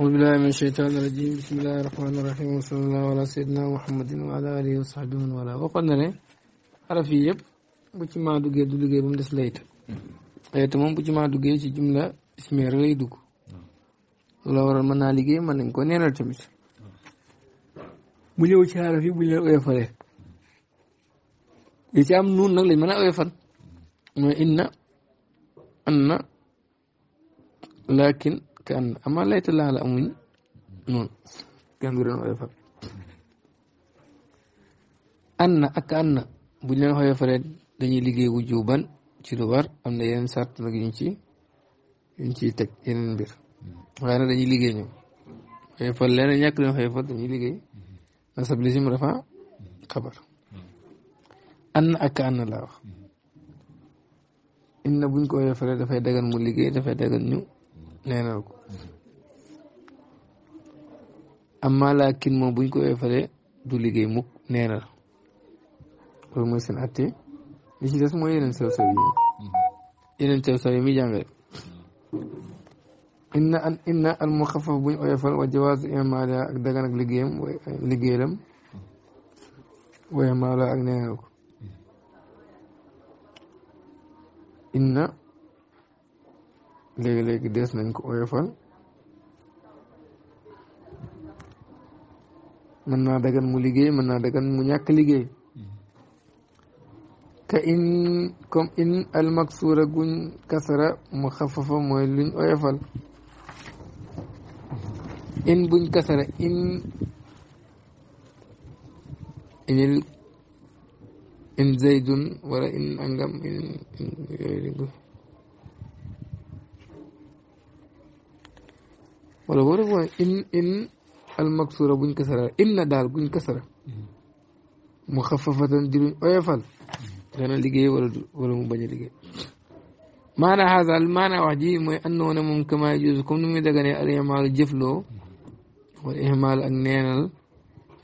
أعوذ بالله من الشيطان الرجيم بسم الله الرحمن الرحيم وصلى الله على سيدنا محمد وعلى آله وصحبه ومن والاه waxoon na ne xaraf yi yëpp bu ci maa duggee du duggee ba mu des layt layt moom bu ci maa duggee ci jumla ismeer lay dugg loolu waral mën naa liggéey mën nañ ko neenal tamit mu ñëw ci xaraf yi bu ñu leen oyofalee li ci am nuun nag lañ mën a oyofal mooy inna anna laakin te ànd amaa layta laa la amuñ noonu kenn du leen oyofal ànd na ak ànd buñ leen oyofalee dañuy liggéey wujuban ci lu war am na yenn sart nag yuñ ci yuñ ciy teg yeneen mbir waaye nag dañuy liggéey ñoom oyofal leen ñàkk leen oyofal dañuy liggéey nasab lisim rafa xabar ànd na ak ànd laa na inna buñ ko oyofalee dafay dagan mu liggéey dafay dagan ñu neenal ko amma laakin moom buñ ko weefalee du liggéey mukk neenal loolu mooy seen atte li ci des mooy yeneen sew sew yeneen sew sew yi muy jàngale an inna al muxafaf buñ oyofal wa jawaazu imaala ak dagan ak liggéeyam liggéeyam wa imaala ak neenal ko inna léegi-léegi des nañ ko oyofal mën naa dagan mu liggéey mën naa dagan mu ñàkk liggéey ka in comme in almaksuura guñ kasara mu xafafa mooy luñ oyofal in buñ kasara in in zaydun wala in angam in yooyu wala wala mooy in in al maksura buñ kasara inna daal buñ kasara mu xafafatan diruñ oyofal dana liggéey wala mu bañ a liggéey maana haasal maana wax ji mooy andoon ne moom kama juus comme nu al ihmaal jëfloo wala ihmaal ak neenal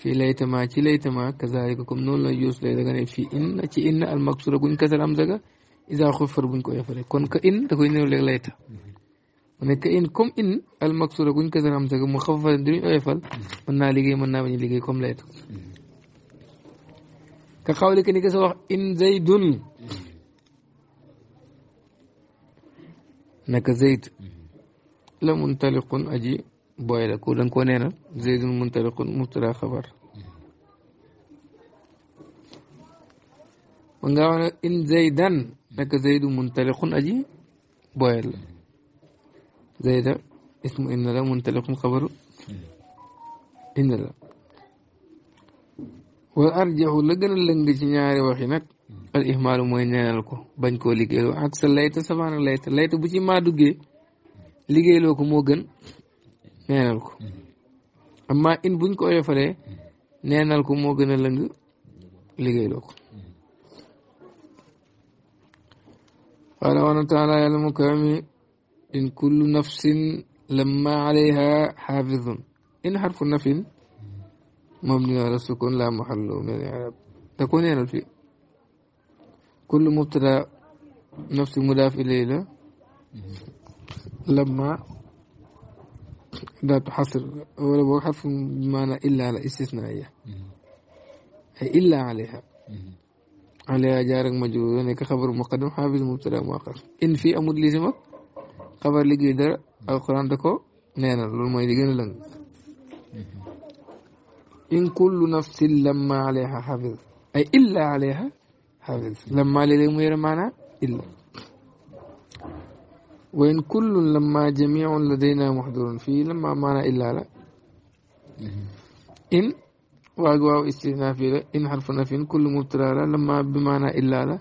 fii laytama ci laytama kazalika comme la juus lay daganee fii inna ci inna al maksura buñ kasara am daga isa buñ ko oyofale kon ka in koy néew layta نك إن كم إن المقصود أقول كذا نام زعما مخفف الدنيا أيفل من ناليجي من نامي ليجي كم لا يتو كخاولي كني كسوه إن زيدون نك زيد لا منطلقون أجي بايلا كولن كونينا زيدون منطلقون مطلع خبر من قال إن زيدان نك زيد منطلقون أجي بايلا زيد اسم إن لا منطلق خبر إن لا والأرجح لجن لنج ci ñaari waxi al ihmaal mooy neenal ko bañ koo liggéeyloo ak sa layta sabaan layta layta bu ci maa duggee liggéeyloo ko moo gën neenal ko amma in buñ ko oyofalee neenal ko moo gën a lëng liggéeyloo ko qaala wa taala yàlla mu إن كل نفس لما عليها حافظ إن حرف النفي مبني على السكون لا محل من الإعراب تكون هنا الفي كل مبتدا نفس مضاف إليه لما لا تحصر ولا حرف بمعنى إلا على استثنائية أي إلا عليها عليها جارك مجرور يعني كخبر مقدم حافظ مبتدا مؤخر إن في أمود لزمك xabar liggéey dara alxuraan da ko neenal loolu mooy li gën a lëng in kullu nafsin lamma alayha xafiz ay illa alayha xafiz lamma léeg-léeg mu yore maanaa illa wa in kullun lamma jamiun ladayna muxdurun fii lamma maanaa illa la in waag waaw istisnaa fii la in xarfu nafin kullu mubtala la lamma bi maanaa illa la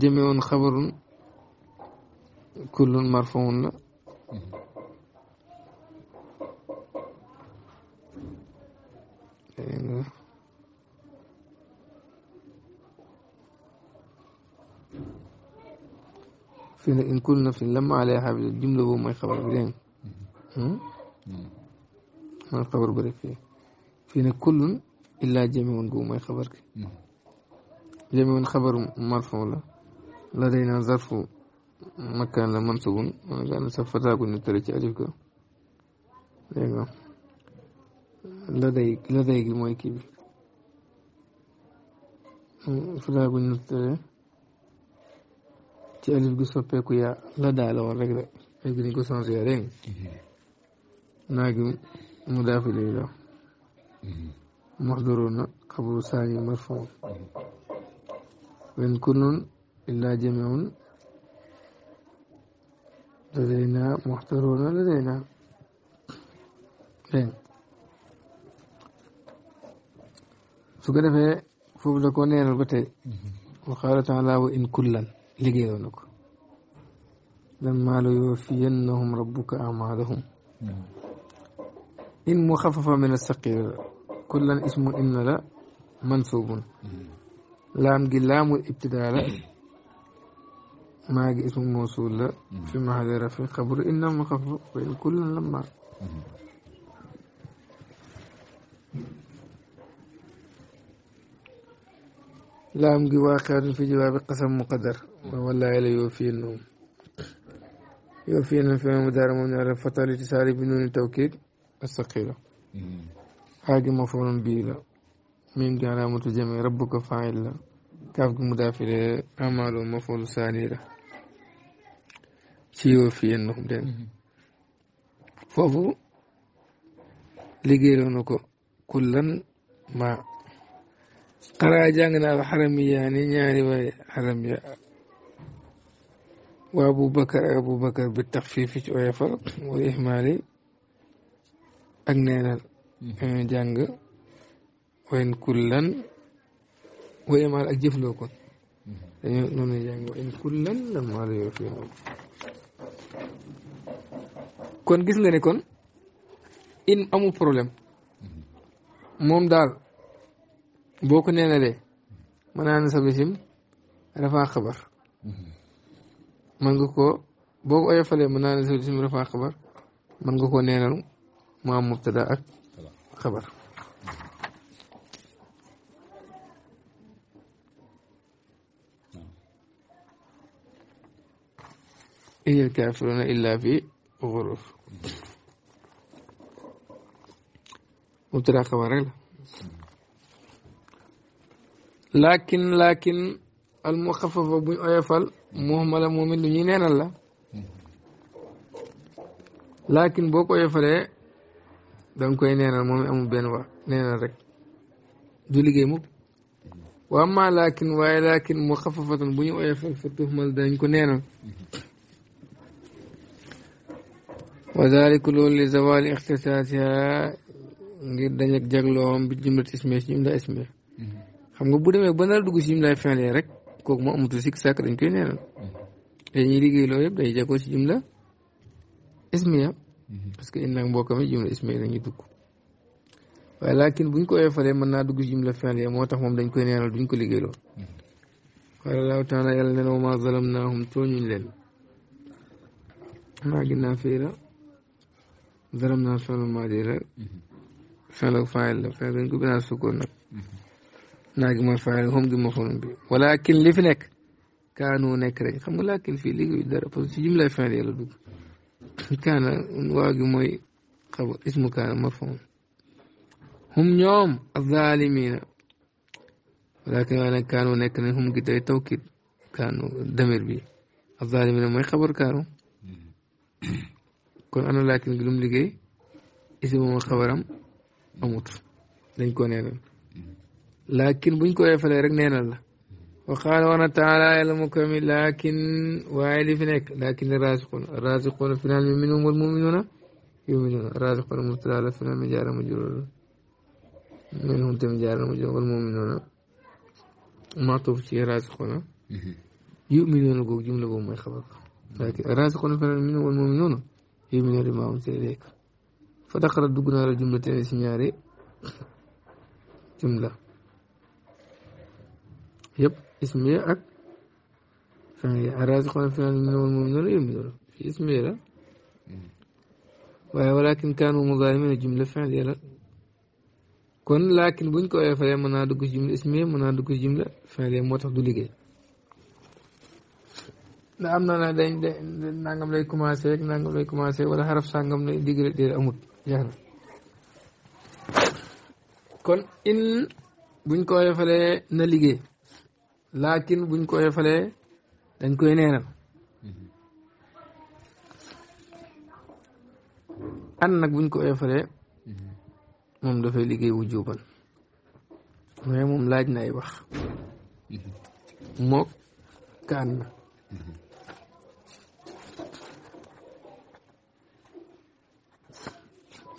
jamiun xabarun كل مرفوع في إن كل في لما عليها حافظ الجملة هو ما يخبر بدين ما يخبر بريك فيه فينا كل إلا جميع هو ما يخبرك جميع خبر مرفوع لدينا ظرف makkaan la mansubun man kaan sax fataagu ne tëri ga laday gi mooy kii bi fataagu ne tëri ci alif yaa ladaa la woon gi dañ ko changé yaa dégg naa gi mu saani marfon wen kunun illaa jameun لدينا محضرون لدينا لين سوغنا في فوف لكو نين البتي وقال تعالى وإن كلا لقيونك لما ليوفينهم ربك أعمالهم إن مخففة من السقير كلا اسم إن لا منصوب لام قلام ابتدالا معك اسم موصول لا في محل رفع القبر إنما خفر وإن كل لما لام جي واقع في جواب قسم مقدر ولا لا يوفي النوم يوفي في مدار من يعرف فتى الاتصال بنون التوكيد الثقيلة حاجة مفهوم به من جعل متجمع ربك فاعل كافك كاف مضاف أعمال مفعول ثاني ci yoo fi yenn xum dégg mhm. foofu liggéeyloo na ko kullan ma xaraa jàng na al xaramiyaa ni ñaari waay xaram ya wa abu bakar abu bakar bi taxfiifi ci oyofal wala ihmaali ak neenal ñoo jàng kullan wa ihmaal ak jëfloo ko dañoo noonu jàng wayn kullan lam maa yoo fi kon gis nga ne kon in amul problème moom daal boo ko nee na de mën naa ne xabar mën nga koo boo ko oyofalee mën naa ne sa bisim rafaa xabar mën nga koo neenal mu am mubtada ak xabar إن الكافرون إلا في غرور mubtada xabaar rek la laakin laakin al muxafafa buñ oyofal muhmala moom it lu ñuy neenal la laakin boo ko oyofalee danga koy neenal moom amul benn wax neenal rek du liggéey mukk wa amma laakin waaye laakin muxafafatan bu ñu oyofal fa tuhmal dañ ko neenal wa zaalika loolu li zawaali ixtisaasiha ngir dañ ak jagloom bi jumlati ismiya si jumla ismiya xam nga bu demee ba nar dugg si jumlaay fi'liya rek kooku moo amatul dañ koy dañuy liggéey loolu yëpp day jagoo si jumla ismiya parce que in nag mbokkam jumla ismiya dañuy dugg waaye laakin buñ ko oyofalee mën naa dugg si jumla fi'liya moo tax moom dañ koy neenal duñ ko liggéey loolu qaala llaahu taala yàlla nee na wa maa zalamnaahum tooñuñ leen maa ginnaaw fii la daram naa fenlu maaji la fenlu mm-hmm. faayil la fen dañ ko binaa sukkoon nag mm-hmm. naa gi mooy faayil xom gi ma fonum bi walakin li fi nekk kaanu nekk rek xam nga laakin fii liggéeyu dara parce que si jumlay fenl yàlla dugg mm-hmm. kaana waaw gi mooy xabar ismu kaana marfuun hum ñoom azaalimiina walakin waaye nag kaanu nekk nañ hum gi tey tawkid kaanu damir bi azaalimiina mooy xabar kaanu كون انا لكن لوم ليغي اسمو ما خبرام اموت دنج كو نينا لكن بو نكو يفال رك نينا لا وقال وانا تعالى علمكم لكن وائل فينك لكن الرازقون الرازقون فينا المؤمنون والمؤمنون يؤمنون الرازقون مرتلى على فينا مجارة مجرور منهم تمجارة مجرور والمؤمنون ما توفي الرازقون يؤمنون جملة بو ما يخبرك لكن الرازقون فينا المؤمنون والمؤمنون fii mu ne li see rek fa daqala dugg naa la jumla tene si ñaari jumla yëpp ismiya ak feneen araasi xoolal feneen ñu ne woon moom noonu yëpp la fii ismiya la waaye walakin kaanu muzaarimin jumla feneen la kon laakin buñ ko oyofalee mën naa dugg si jumla ismiya mën naa dugg si jumla feneen moo tax du liggéey. ndax am na na dañ nangam lay commencé rek nangam lay commencé wala xaraf sàngam lay digg rek déedéet amut jeex kon in buñ ko yefalee na liggéey laakin buñ ko yefalee dañ koy neenal an buñ ko yefalee moom dafay liggéey wu jubal mais moom laaj na ay wax mhm. mook ka an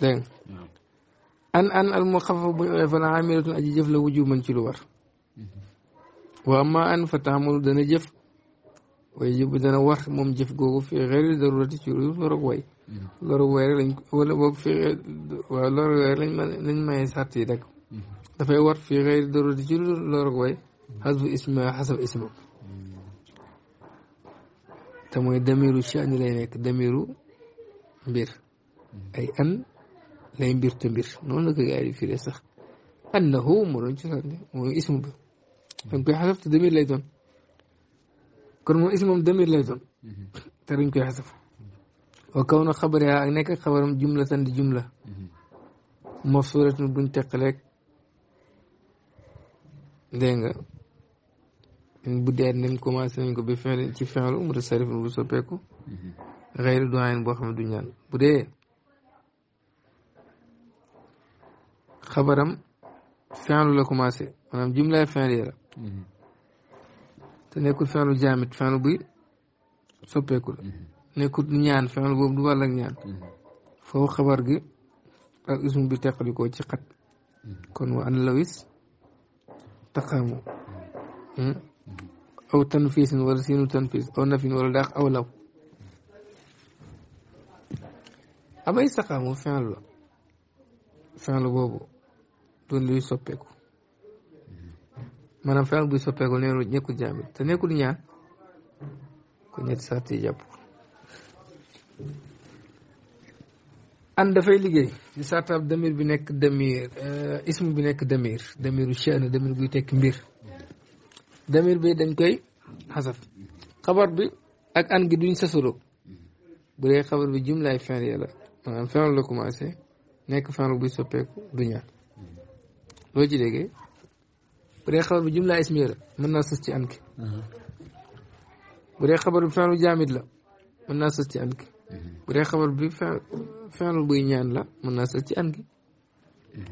ان ان المخفف فانا عامل اجي جف لو وجو من سي واما ان فتامل دنا جف ويجب دنا وار موم جف غوغو في غير ضروره سي لو لور واي لور واي لا ولا بوك في لور واي لا نين ماي ساتي داك دا فاي وار في غير ضروره سي لو لور واي حسب اسمه حسب اسمه شان لي دميرو بير اي ان nay mbir te mbir noonu la ko gars yi di firee sax annahu moo doon cosaan de mooy ismu bi dañ koy xasaf te damir lay kon moom ismam damir lay doon te koy xasaf wa kaw na xabariha ak nekk xabaram jumla tan di jumla mafsuratun buñ teqaleeg dégg nga bu dee nañ commencé nañ ko ba fin ci fin mu tasarif bu soppeeku xëy na doyen boo xam ne du xabaram fenlu la commencé maanaam jumlaay fenli la mhm. te nekkul fenlu jaamit fenlu buy soppeeku la mhm. ñaan fenlu boobu du wàll ak ñaan mhm. foofu xabar gi ak ismu bi teqalikoo ci xat kon wa an lawis taqaamu hmm? aw tanfiisin wala siinu tanfiis aw nafin wala daax aw law amay saqaamu fenlu la fenlu boobu doon luy soppeeku maanaam feebar buy soppeeku nee nekkul jaamit te nekkul ñaan ko ñetti sart jàpp ko dafay liggéey ci sartaab damir bi nekk damir eh, ism bi nekk damir damiru shan damir guy tekki mbir damir bi dañ koy xasaf xabar bi ak an gi duñ sasuroo bu dee xabar bi jumlaay fen yàlla maanaam fen la commencé nekk fen buy soppeeku du ñaan loo ci déggee bu dee xabar bi jumla ismiya la mën naa sës ci an ki bu la mën naa sës ci an ki bu ñaan la mën naa sës ci an ki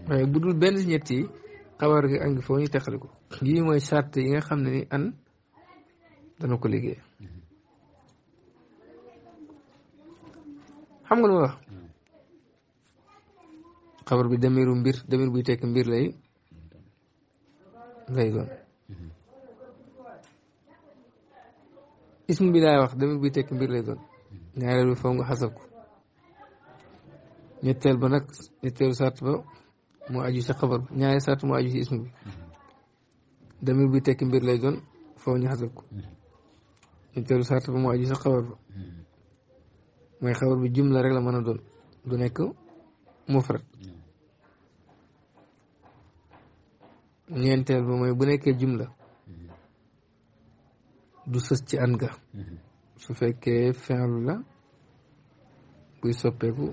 waaye bu dul benn ñetti yi xabar gi an gi foo ñu teqali ko lii mooy charte yi nga xam ne ni an dana ko liggéey xam nga lu ma wax hmm. xabar bi damiru mbir damir buy tekk mbir lay Very good. اسم بلا وقت دم بيتك كبير لذا نعرف بفهم حسبك نتال بنك نتال سات بو ما أجلس خبر نعرف سات ما أجلس اسم دم بيتك كبير لذا فهم حسبك نتال سات بو ما أجلس خبر ما خبر بجملة رجل ما ندون دونك مفرد ñeenteel ba mooy bu nekkee jumla du sës ci an ga su fekkee fi'lu la buy soppeeku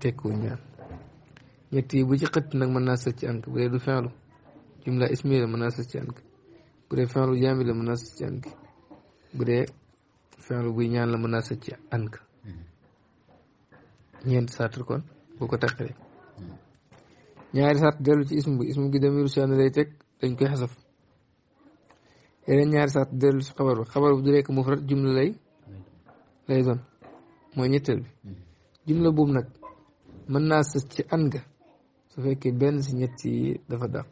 tekku ñaan ñett bu ci xëtt nag mën naa sës ci an bu dee du fi'lu jumla mën naa sës ci an ga bu dee fi'lu mën bu dee fi'lu buy ñaan la mën naa sës ci an ga ñeent saatir kon boo ko taqalee ñaari saat dellu ci ism bi ism bi damiru seen lay teg dañ koy xasaf yeneen ñaari saat dellu si xabar bi xabar bi du nekk mufrad jumla lay lay doon mooy ñetteel bi hmm. jumla boobu nag mën naa sës ci an ga su fekkee benn si ñett yi dafa dàq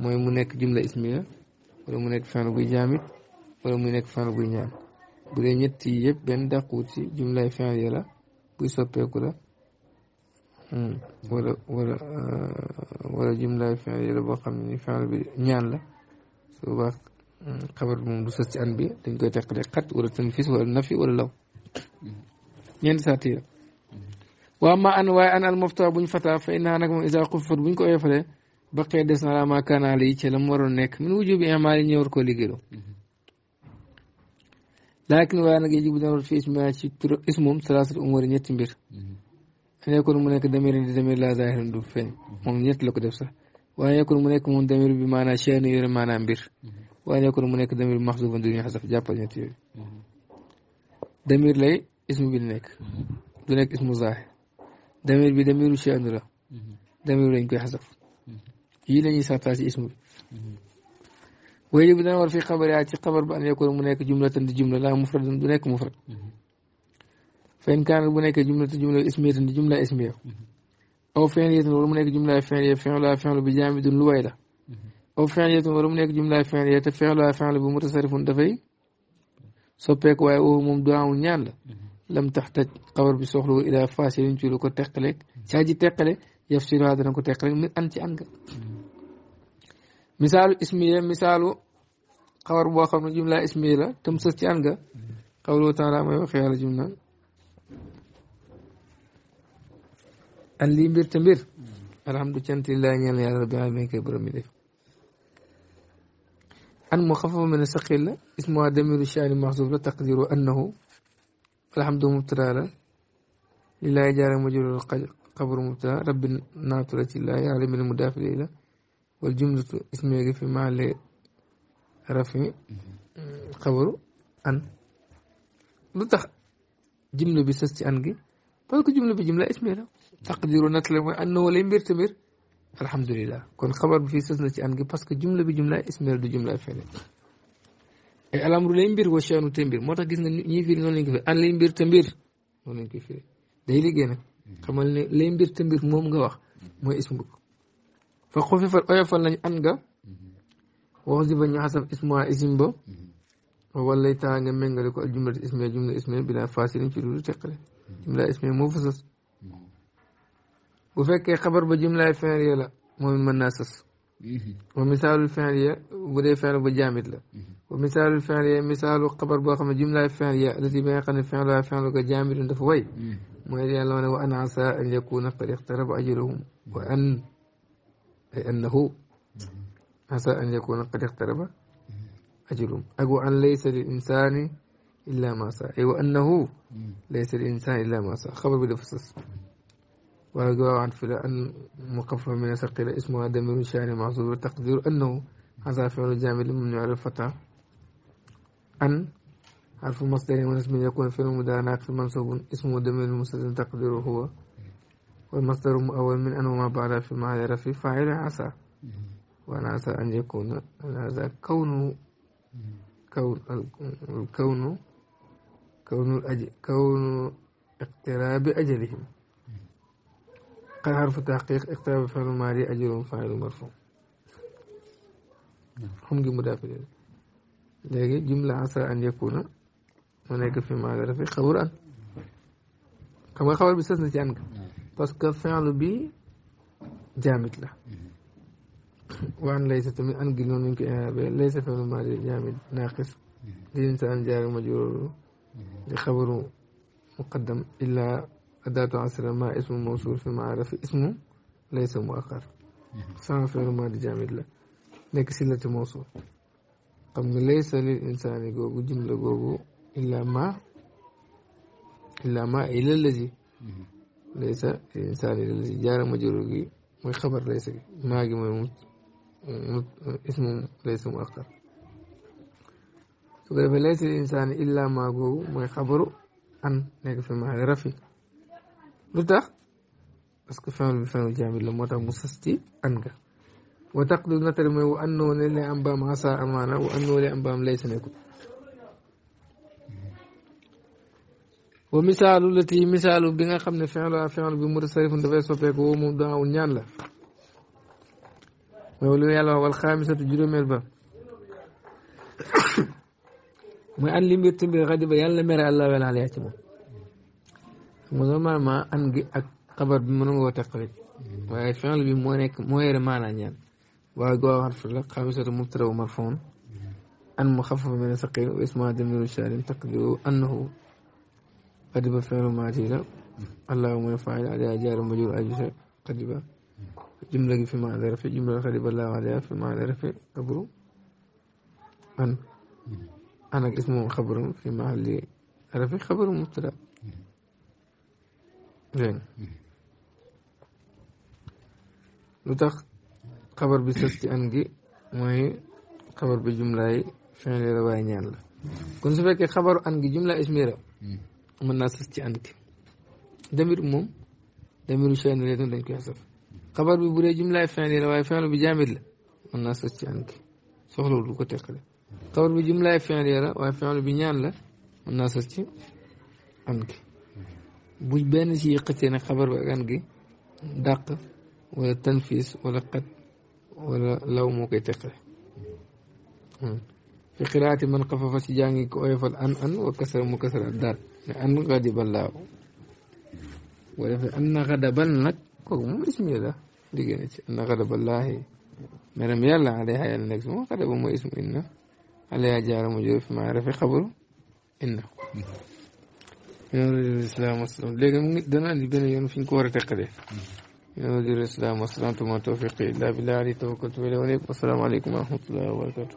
mooy mu nekk jumla ismiya wala mu nekk fen buy jaamit wala mu nekk fen buy ñaan bu dee ñett yi yëpp benn dàquwut si jumlay fen ya la buy soppeeku la Hmm. wala wala euh, wala jumlaay fiil la boo xam ne fiil bi ñaan la su baax hmm, xabar bi moom du sës ci an bi dañ koy teq rek wala tanfis wala nafi wala law ñeenti saati la waaw ma an waaye an al buñ fata fa innaa nag moom isa xufifat buñ ko oyofalee baqee des na laa ma kanaal yi ci nekk min wujubi imaal yi ñëwar koo liggéeyloo laakin waaye nag yëjibu dana war fi isma ci tur ñetti mbir فنيكون منك دمير لزمير لا ظاهر دفن من يطلق دفسه وان يكون منك من دمير بمعنى شان يرى معنى امبير وان يكون منك دمير محذوف دون حذف جاب جنتي دمير لي اسم بنك دونك اسم ظاهر دمير بدمير شان لا دمير لين بحذف يي لني ساتاسي اسم ويجب ان في قبر ياتي قبر بان يكون هناك جمله دي جمله لا مفرد دونك مفرد fen kaanat bu nekkee jumla te jumla ismiyatan di jumla ismiya mhm. aw fi'liyatan wala mu jumla fi'liya bi jaamidun lu way la aw fi'liyatan wala nekk jumla fi'liya mhm. te fi'la fi'lu soppeeku waaye woowu moom du amul ñaan la mhm. bi soxlu ko teqaleeg saa ji teqale yaf ko teqaleeg mi ci an ga misaalu ismiya boo xam ne jumla ismiya la tam sës ci an ga xawloo taala mooy waxee yàlla jum an lii mbir te mbir alhamdu cantillah ñeel yàlla rabbi alamin kay borom mi def an mu xafafa min saqil la ismuha damiru shaani maxsuuf la taqdiru annahu alhamdu mubtada la lillahi jaara majrur xabru mubtada rabbi naaturati llahi alamin mudaaf ilayhi la wal jumlatu ismeegi fi maale rafi xabru an lu tax jumla bi sës ci an gi parce que jumla bi jumla ismi la taqdiru na la mooy annahu lay mbir tamit alhamdulilah kon xabar bi fii sës na ci an parce que jumla bi jumla ismail du jumla ay alamru lay mbir wa shaanu moo tax gis nga ñii firi noonu lañ ko fi an lay mbir te day liggéey nag xamal lay mbir te mbir nga wax mooy ismu fa xufifal oyofal nañ an nga wax si ba ñu xasaf isma isim ba wala taa nga méngale ko ak jumla ismail jumla ismail bila fasilin ci lu teqale jumla ismail moo fa bu fekkee xabar ba jumlaay fi'liya la moom it mën naa sas wa misaalul fi'liya bu dee fi'l ba jaamit la wa misaalul fi'liya misaalu xabar boo xam ne jumlaay fi'liya lati bi nga xam ne fi'luhaa fi'lu ko jaamitun dafa way mooy yàlla wane wa an asaa an yakuuna qad iqtaraba ajaluhum wa an ay annahu asaa an yakuuna qad iqtaraba ajaluhum ak wa an laysa lil insaani illa ma saa ay wa annahu laysa lil insaani illa ma saa xabar bi dafa sas وجواب عن فلان مخفف من ثقيل الاسم آدم من شعر معصوب تقدير أنه حصل فعل جامد ممنوع يعرف فتى أن حرف مصدر اسم يكون في المدانة في منصوب اسمه ضمير مستتر تقديره هو والمصدر مؤول من أن وما بعد في محل في فاعل عسى وأنا عسى أن يكون هذا كون كون الكون كون الأجل كون اقتراب أجلهم تحقيق حرف تحقيق اقتراب فعل ماضي اجر فاعل مرفوع هم جي مضاف اليه لغي جمله عسى ان يكون هناك في ماضي رفع إيه؟ خبرا كما خبر بيستثنى تي انك باسكو فعل بي جامد لا وان ليست من ان جنون انك ليس فعل ماضي جامد ناقص الانسان جار مجرور لخبر مقدم الا أداة عصر ما اسم موصول في المعرفة اسمه ليس مؤخر سامع في الماضي جامد لا نك سلة موصول طب ليس للإنسان جوجو جملة جوجو إلا ما إلا ما إلا الذي ليس الإنسان إلا الذي جار مجروري والخبر ليس ما جمعه اسم ليس مؤخر تقول فليس الإنسان إلا ما جو ما خبره عن نقف المعرفة رفيق lu tax parce que fenl bi fenl jaamit la moo tax mu sës ci an ga wa taqdu natari mooy wa annoo ne le am baam asa amaana wa annoo le am baam lay sa wa misaalu lati misaalu bi nga xam ne fenlu a fenlu bi lu yàlla ba mooy an li mbir timbir xadi ba yàlla mere allah wel xale yaa normalement an gi ak xabar bi mënul woo taqalit waaye fi'l bi moo nekk moo yore maanaa ñaan waaye goo xarf la xaamisatu mubtada wa marfuun an muxafafa min saqil wa isma damiru shaarin taqdiru annahu qadiba fi'lu maadi la allahumma fa'il adaa jaaru majur ajisa qadiba jumla gi fi maana rafi jumla qadiba allahu adaa fi maana rafi xabru an an ak ismu xabru fi mahalli rafi xabru mubtada dégg lu tax xabar bi sës ci an gi mooy xabar bi jumlaay fin la waaye ñaan la kon su fekkee xabaru an gi jumlaay ismira mën naa sës ci an gi damir moom damiru chey na leetam dañ koy asaf xabar bi bu dee jumlaay fin la waaye fin bi jaamit la mën naa sës ci an gi soxlawul du ko teqale xabar bi jumlaay fin la waaye fin bi ñaan la mën naa sës ci an gi بوش بان شي قتيني خبر بقى كنجي دق ولا تنفيس ولا قد ولا لو مو كيتقل في قراءة من قفف سجاني كويف الأن أن وكسر مكسر الدار أن غضب الله ولا في أن غضب لك كوكو مو اسم يلا أن غضب الله مرم يلا عليها يلا نكس مو غضب مو اسم إنه عليها جار مجرف معرفة خبره إنه yonent islam asalaam léegi mu ngi danaa di benn yoon fi ñu ko war a teqalee yonent islam asalaam tuma tawfiqi illaa billaahi alayhi tawakkaltu wa ilayhi unib wassalaamu aleykum wa rahmatullahi wa barakatu